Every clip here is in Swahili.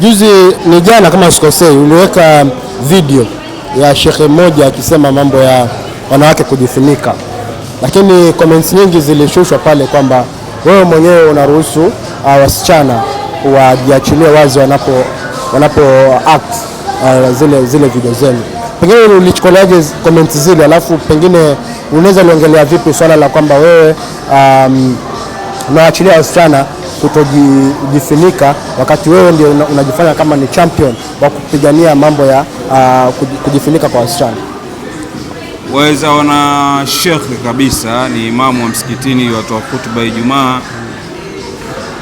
Juzi ni jana kama sikosei, uliweka video ya shekhe mmoja akisema mambo ya wanawake kujifunika, lakini comments nyingi zilishushwa pale kwamba wewe mwenyewe unaruhusu uh, wasichana wajiachilie wazi wanapo, wanapo act uh, zile, zile video zenu. Pengine ulichukuliaje comments zile, alafu pengine unaweza liongelea vipi swala la kwamba wewe um, unawaachilia wasichana kutojifinika wakati wewe ndio unajifanya kama ni champion wa kupigania mambo ya uh, ah, kujifinika kwa wasichana. Waweza ona Sheikh kabisa ni imamu wa msikitini, watoa hutuba Ijumaa,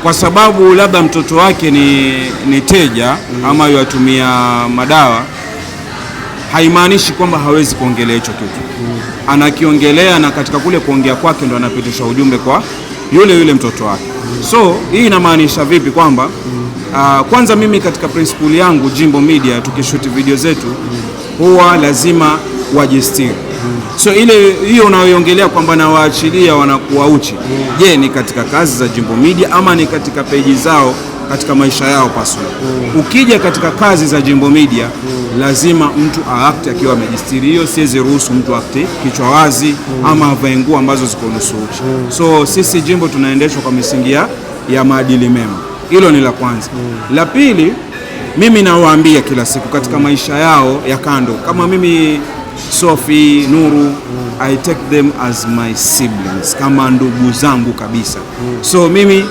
kwa sababu labda mtoto wake ni, ni teja ama yuatumia madawa haimaanishi kwamba hawezi kuongelea hicho kitu, anakiongelea na katika kule kuongea kwake ndo anapitisha ujumbe kwa yule yule mtoto wake. So hii inamaanisha vipi? Kwamba uh, kwanza mimi katika principle yangu Jimbo Media tukishuti video zetu huwa lazima wajistiri so ile hiyo unaoiongelea kwamba nawaachilia wanakuwa uchi, je, yeah. ni katika kazi za Jimbo Media ama ni katika peji zao katika maisha yao personal. Mm. Ukija katika kazi za Jimbo Media mm. lazima mtu aakti akiwa amejistiri. Hiyo siwezi ruhusu mtu akti kichwa wazi mm. ama avae nguo ambazo ziko nusu uchi mm. so sisi Jimbo tunaendeshwa kwa misingi ya maadili mema. Hilo ni la kwanza mm. la pili, mimi nawaambia kila siku katika mm. maisha yao ya kando, kama mimi Sophie Nuru mm. I take them as my siblings, kama ndugu zangu kabisa mm. so mimi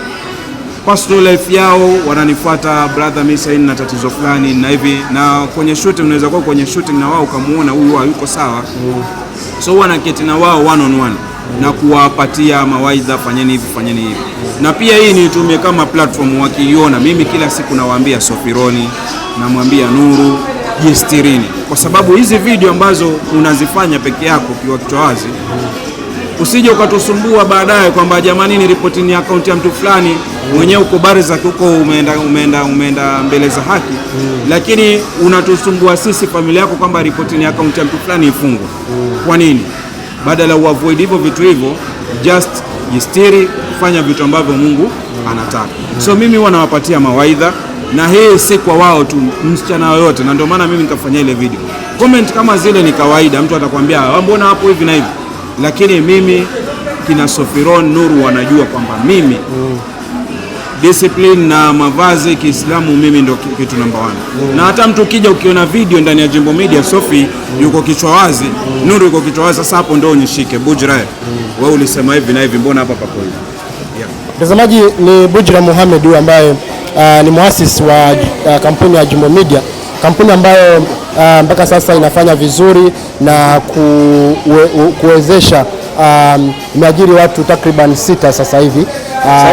personal life yao wananifuata brother, mimi sasa na tatizo fulani na hivi, na kwenye shooting unaweza kuwa kwenye shooting na wao ukamuona huyu hayuko sawa mm. so wana naketi na wao one on one na kuwapatia mawaidha, fanyeni hivi, fanyeni hivi, na pia hii nitumie kama platform. Wakiiona mimi kila siku nawaambia sofironi namwambia Nuru jistirini, kwa sababu hizi video ambazo unazifanya peke yako kiwa kichwa wazi usije ukatusumbua baadaye kwamba jamani, ni ripoti ni akaunti ya mtu fulani mwenyewe uko Barzakh huko umeenda, umeenda, umeenda mbele za haki mm. Lakini unatusumbua sisi familia yako kwamba ripoti ni akaunti ya mtu fulani ifungwe mm. Kwa nini? Badala uavoid hivyo vitu hivyo, just jistiri, kufanya vitu ambavyo Mungu anataka mm. So mimi huwa nawapatia mawaidha na hii si kwa wao tu, msichana yoyote, na ndio maana mimi nikafanya ile video. Comment kama zile ni kawaida, mtu atakwambia ah, mbona hapo hivi na hivi lakini mimi kina Sofiron Nuru wanajua kwamba mimi mm. discipline na mavazi Kiislamu mimi ndo kitu namba wani mm. na hata mtu ukija ukiona video ndani ya Jimbo Media Sofi mm. yuko kichwa wazi mm. Nuru yuko kichwa wazi. Sasa hapo ndo unishike Bujra mm. wewe ulisema hivi na hivi, mbona hapa pako hivi? Mtazamaji yeah. ni Bujra Muhammad huyu ambaye uh, ni muasisi wa uh, kampuni ya Jimbo Media, kampuni ambayo uh, mpaka sasa inafanya vizuri na kuwe, kuwezesha um, imeajiri watu takriban sita sasa hivi ah,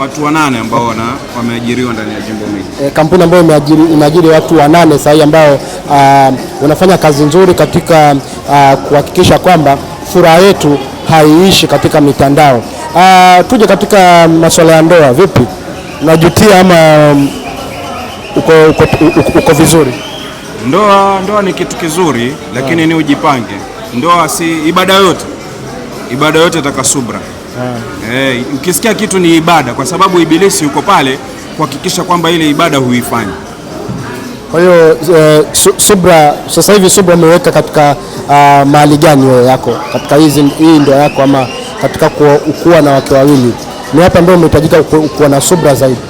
watu wanane ambao wana wameajiriwa ndani ya jimbo hili. E, kampuni ambayo imeajiri watu wanane sahihi ambao wanafanya uh, kazi nzuri katika uh, kuhakikisha kwamba furaha yetu haiishi katika mitandao. Uh, tuje katika masuala ya ndoa, vipi? Najutia ama um, uko, uko, uko, uko vizuri. Ndoa ndoa ni kitu kizuri lakini yeah. ni ujipange. Ndoa si ibada yote, ibada yote taka subra yeah. Hey, eh, ukisikia kitu ni ibada, kwa sababu ibilisi yuko pale kuhakikisha kwamba ile ibada huifanyi Kwa hiyo eh, su, subra sasa hivi subra umeweka katika uh, mahali gani wewe yako katika hizi hii ndoa yako ama katika kuwa na wake wawili, ni hapa ndio umehitajika ukuwa na subra zaidi?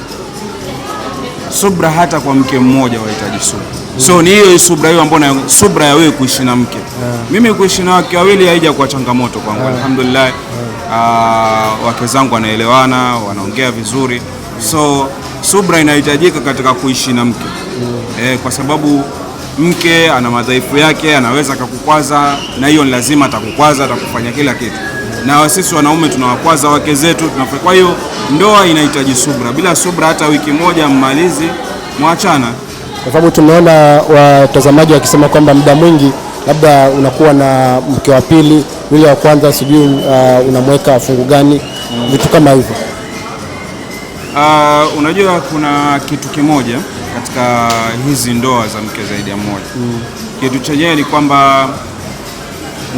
subra hata kwa mke mmoja wahitaji subra. So ni hiyo subra hiyo ambayo subra ya wewe kuishi na mke yeah. Mimi kuishi na wake wawili haija kwa changamoto kwangu yeah. Alhamdulillah yeah. Uh, wake zangu wanaelewana, wanaongea vizuri, so subra inahitajika katika kuishi na mke mm. Eh, kwa sababu mke ana madhaifu yake, anaweza akakukwaza, na hiyo ni lazima atakukwaza, atakufanya kila kitu na sisi wanaume tunawakwaza wake zetu. Kwa hiyo ndoa inahitaji subra, bila subra hata wiki moja mmalizi, mwachana. Kwa sababu tumeona watazamaji wakisema kwamba muda mwingi labda unakuwa na mke wa pili, yule wa kwanza sijui uh, unamweka fungu gani, vitu kama hivyo. Uh, unajua kuna kitu kimoja katika hizi ndoa za mke zaidi ya mmoja hmm, kitu chenyewe ni kwamba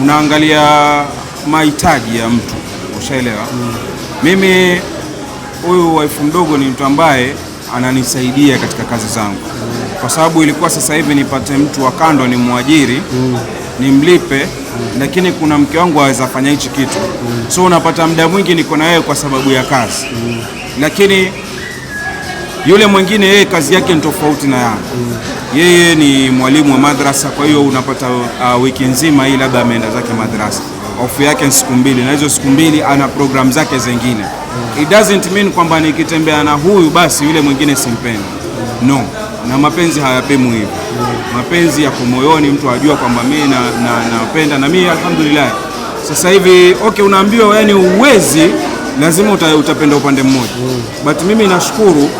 unaangalia mahitaji ya mtu, ushaelewa mm. Mimi huyu waifu mdogo ni mtu ambaye ananisaidia katika kazi zangu mm. Kwa sababu ilikuwa sasa hivi nipate mtu wa kando ni mwajiri mm. nimlipe mm. Lakini kuna mke wangu aweza fanya hichi kitu mm. So unapata muda mwingi niko na wewe kwa sababu ya kazi mm. Lakini yule mwingine yeye kazi yake ni tofauti na yangu mm. Yeye ni mwalimu wa madrasa, kwa hiyo unapata uh, wiki nzima hii labda ameenda zake madrasa ofu yake ni siku mbili, na hizo siku mbili ana programu zake zingine. It doesn't mean kwamba nikitembea na huyu basi yule mwingine simpendi, no na mapenzi hayapimwi hivyo. Mapenzi yako moyoni, mtu ajua kwamba mimi napenda na, na, na mimi alhamdulillah. Sasa hivi okay, unaambiwa yani uwezi, lazima uta, utapenda upande mmoja but mimi nashukuru,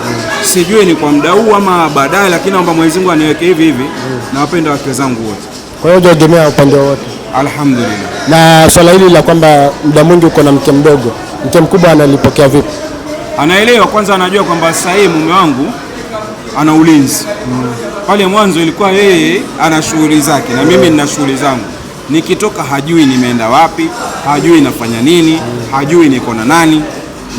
sijui ni kwa muda huu ama baadaye, lakini naomba Mwenyezi Mungu aniweke hivi hivi, nawapenda wake zangu wote, kwa hiyo hujaegemea upande wowote, alhamdulillah na swala hili la kwamba muda mwingi uko na mke mdogo, mke mkubwa analipokea vipi? Anaelewa kwanza, anajua kwamba sasa hivi mume wangu ana ulinzi mm. Pale mwanzo ilikuwa yeye ana shughuli zake na mimi nina shughuli zangu, nikitoka hajui nimeenda wapi, hajui nafanya nini Hajui niko na nani,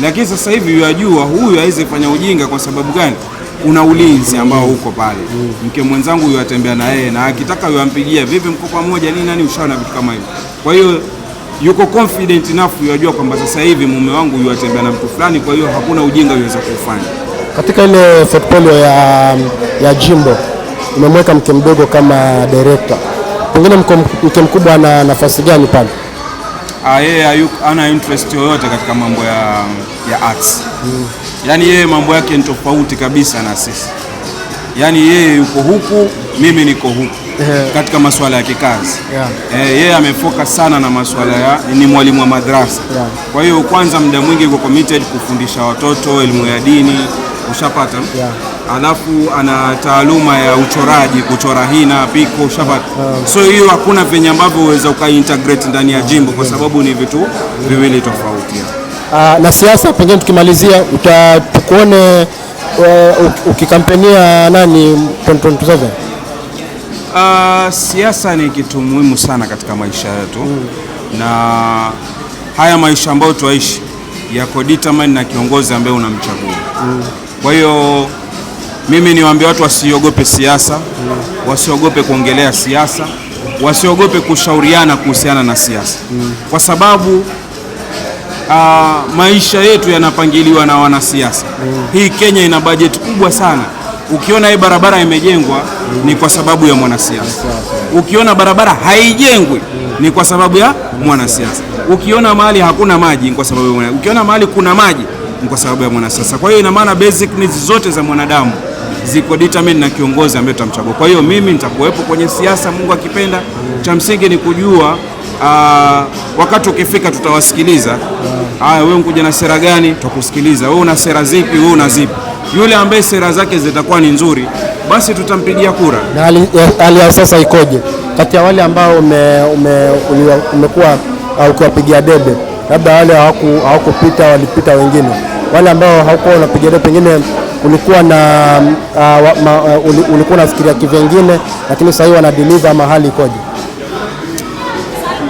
lakini sasa hivi yajua huyu aweze fanya ujinga kwa sababu gani? una ulinzi ambao huko pale. Mke mwenzangu huyo atembea na yeye na akitaka huyo ampigia vipi, mko pamoja nini nani, ushaona vitu kama hivyo. Kwa hiyo yuko confident enough, yajua kwamba sasa hivi mume wangu huyo atembea na mtu fulani, kwa hiyo hakuna ujinga uweza kufanya. Katika ile portfolio ya, ya Jimbo umemweka mke mdogo kama director, pengine mke mkubwa ana nafasi gani pale? Ah, yeye ana interest yoyote katika mambo ya, ya arts mm. Yaani yeye mambo yake ni tofauti kabisa na sisi, yaani yeye yuko huku, mimi niko huku yeah. Katika masuala ya kikazi yeah. Eh, yeye amefocus sana na masuala ya ni mwalimu wa madrasa yeah. Kwa hiyo kwanza muda mwingi yuko committed kufundisha watoto elimu ya dini, ushapata yeah alafu ana taaluma ya uchoraji, kuchora hina, piko, shabat. So hiyo hakuna venye ambavyo uweza ukaintegrate ndani ya jimbo, kwa sababu ni vitu viwili tofauti. Ah, na siasa, pengine tukimalizia, utakuone uh, ukikampenia nani 2027? Uh, ah, siasa ni kitu muhimu sana katika maisha yetu mm. Na haya maisha ambayo tuaishi yako determine na kiongozi ambaye unamchagua mm. Kwa hiyo mimi niwaambie watu wasiogope siasa, wasiogope kuongelea siasa, wasiogope kushauriana kuhusiana na siasa kwa sababu Aa, ah, maisha yetu yanapangiliwa na wanasiasa mm. Hii Kenya ina bajeti kubwa sana. Ukiona hii barabara imejengwa mm. ni kwa sababu ya mwanasiasa. Ukiona barabara haijengwi mm. ni kwa sababu ya mwanasiasa. Ukiona mahali hakuna maji ni kwa sababu ya mwanasiasa. Ukiona mahali kuna maji ni kwa sababu ya mwanasiasa. Kwa hiyo ina maana basic needs zote za mwanadamu ziko determine na kiongozi ambaye tutamchagua. Kwa hiyo mimi nitakuwepo kwenye siasa, Mungu akipenda. Cha msingi ni kujua aa, ah, wakati ukifika tutawasikiliza. Haya, wewe unkuja na sera gani? Tutakusikiliza. Wewe una sera zipi? Wewe una zipi? Yule ambaye sera zake zitakuwa ni nzuri, basi tutampigia kura. Na hali eh, ya sasa ikoje kati ya wale ambao umekuwa ah, ukiwapigia debe, labda wale hawakupita, walipita wengine, wale ambao hawakuwa unapigia debe pengine ulikuwa na uh, ma, uh, ulikuwa unafikiria kivengine, lakini sasa hivi wana deliver mahali ikoje?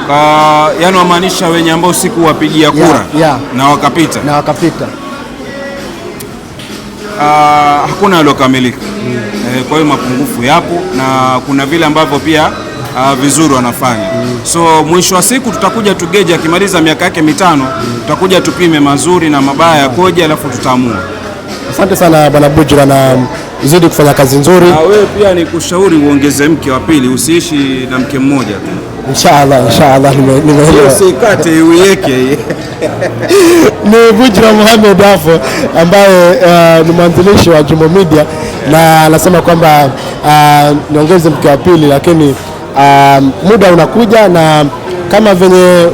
Uh, ah, yani wamaanisha wenye ambao siku wapigia kura yeah, yeah. na wakapita na wakapita Uh, hakuna yaliyokamilika mm. Eh, kwa hiyo mapungufu yapo na kuna vile ambavyo pia uh, vizuri wanafanya mm. So mwisho wa siku tutakuja tugeje, akimaliza miaka yake mitano mm. tutakuja tupime mazuri na mabaya yakoje, alafu tutaamua. Asante sana bwana Bujra na zidi kufanya kazi nzuri. Na wewe pia ni kushauri uongeze mke wa pili, usiishi na mke mmoja tu. Inshallah, inshallah nimeelewa. Usikate uiweke. Ni Bujra Mohamed hapo ambaye uh, ni mwanzilishi wa Jumbo Media na anasema kwamba uh, niongeze mke wa pili, lakini uh, muda unakuja na kama venye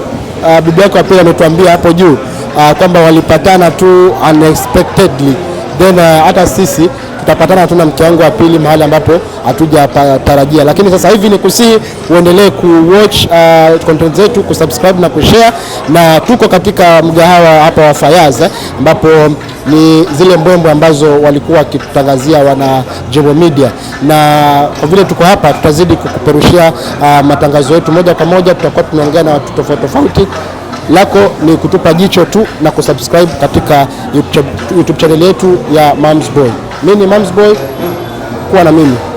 uh, bibi yako wa pili ametuambia hapo juu uh, kwamba walipatana tu unexpectedly then hata sisi tutapatana tuna mkiango wa pili mahali ambapo hatujatarajia, lakini sasa hivi ni kusihi uendelee kuwatch uh, content zetu kusubscribe na kushare, na tuko katika mgahawa hapa wa Fayaza ambapo ni zile mbwembwe ambazo walikuwa wakitutangazia wana Jembe Media, na kwa vile tuko hapa tutazidi kukuperushia uh, matangazo yetu moja kwa moja. Tutakuwa tunaongea na watu tofauti tofauti lako ni kutupa jicho tu na kusubscribe katika YouTube channel yetu ya Mams Boy. Mimi ni Mams Boy, kuwa na mimi.